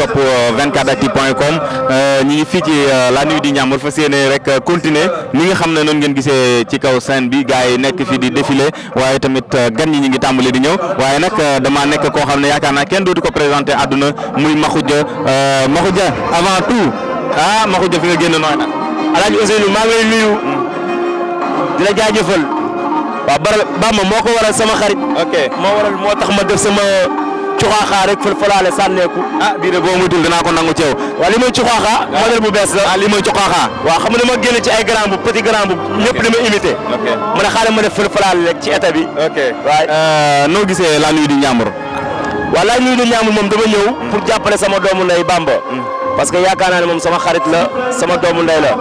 topp 24actu euh, point com euh, ñu ngi fii ci euh, la nuit du Ndiambour fas yéene rek continuer ni nga xam ne noonu ngeen gisee ci kaw scène bi gars yi nekk fii di défilé waaye tamit gan ñi ñu ngi tàmbali di ñëw waaye nag dama nekk koo xam ne yaakaar naa kenn dootu ko présenté àdduna muy Makhoudia Makhoudia avant tout ah Makhoudia fi nga génn nooy nag Alaaji Ousseynou maa ngi lay nuyu di la jaajëfal waaw bara Bamba moo ko waral sama xarit ok moo waral moo tax cuxaaxaa rek fël-fëlaale sànneeku ah bii boo muy dul dinaa ko nangu ci yow waaw li mooy cuxaaxaa ah. modèle bu bees la waaw ah, li mooy cuxaaxaa waaw xam nga dama ci ay grand boubou petit grand boubou ñëpp li ma imité ma ne xaaral ma def fël-fëlaale rek ci état euh, noo gisee la nuit du Ndiambour waaw la nuit du Ndiambour moom dama ñëw pour jàppale sama doomu ndey Bamba hmm. parce que yaakaar naa ne moom sama xarit la sama doomu ndey la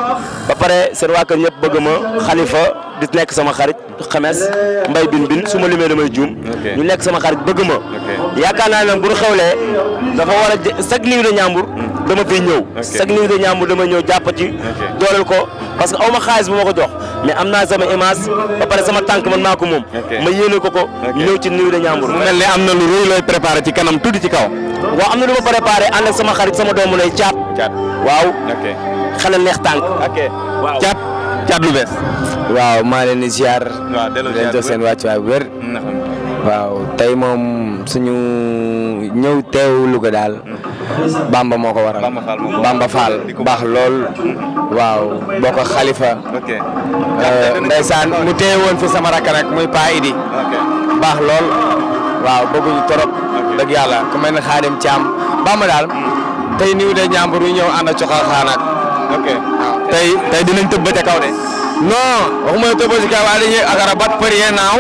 ba pare seen waa kër ñëpp bëgg ma xalifa di nekk sama xarit xames mbay bin bin su ma limee damay juum ñu nekk sama xarit bëgg ma yaakaar naa ne bu ñu xewlee dafa war a chaque nuit de ñaambur hmm. dama fiy ñëw chaque nuit de ñaambur dama ñëw jàpp ci dooleel ko parce que aw ma xaalis bu ma ko jox mais am naa sama image ba pare sama tànk man maa ko moom ma yéene ko ko ñëw ci nuit de ñaambur mel ne am na lu rëy looy préparé ci kanam tuddi ci kaw waaw am na lu ma préparé ànd ak sama xarit sama doomu lay caat waaw xale neex tànk caat wàccaat lu bees. waaw maa leen di ziar. waaw delloo ziar jox seen wàccuwaay wér. Mm, waaw tey moom suñu ñëw teew Louga daal. Bamba moo ko waral. Bamba Fall baax lool. Mm. waaw boo euh, ko xalifa. ok ndeysaan mu téye woon fi sama rakk rek muy Pa Idi. baax lool. waaw bëgguñu torop. dëgg yàlla ku mel ne Xaadim Thiam Bamba daal. Mm. tey nii de ñaambur ñëw ànd coxal xaanak ok ah. tey tey dinañ tëb ba ca kaw de. non waxuma la tëb ba ci kaw waaye dañuy akara bat përiye naaw.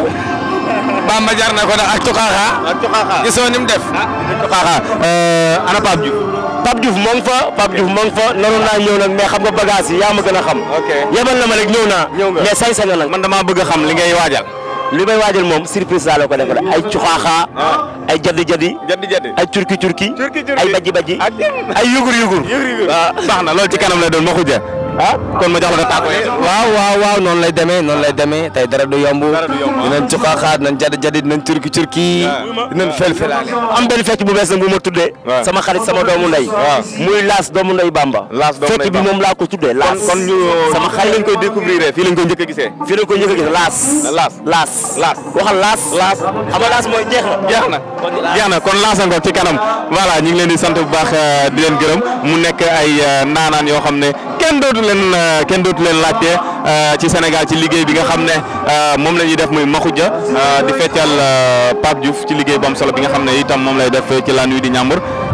Bamba jar na ko nag ak Cuxaaxa. ak Cuxaaxa gisoo ni mu def. ah Cuxaaxa euh, ana Pape Diouf. Pape Diouf moo ngi fa Pape Diouf moo ngi fa naroon naa ñëw nag mais xam nga bagage yi yaa ma gën a xam. ok na ma rek ñëw naa. ñëw nga mais nag. man damaa bëgg a xam li ngay waajal. li may waajal moom surprise laa la ko defal ay cuxaaxaa. ay jadi jadi. jadi jadi ay curki curki. ay bajji bajji. ay yugur yugur. yugur yugur waaw baax na loolu ci kanam la doon ma xuja ah kon ma jox la nga waaw waaw waaw noonu lay demee noonu lay demee tey dara du yomb. dara du yomb dinañ cuqaaxaat nañ jadi jadi dinañ turki turki. dinañ fel felaale. am benn fecc bu bees nag bu ma tuddee. sama xarit sama doomu ndey. muy laas doomu ndey Bamba. laas doomu bi moom laa ko tuddee laas. kon ñu sama xarit lañ koy découvrir fii lañ koy jëkk a gisee. fii lañ koy njëkk a gisee laas. laas laas laas. waxal laas. laas xam laas mooy jeex na. jeex na jeex na kon laas nga ci kanam. voilà ñu ngi leen di sant bu baax euh, di leen gërëm mu nekk ay euh, naanaan yoo xam ne kenn dootu leen euh, kenn dootu leen laajte euh, ci Sénégal ci liggéey bi nga xam ne euh, moom la ñuy def muy Makhoudia di feccal Pape Diouf ci liggéey bu solo bi nga xam ne itam moom lay def ci la nuit di Ndiambour.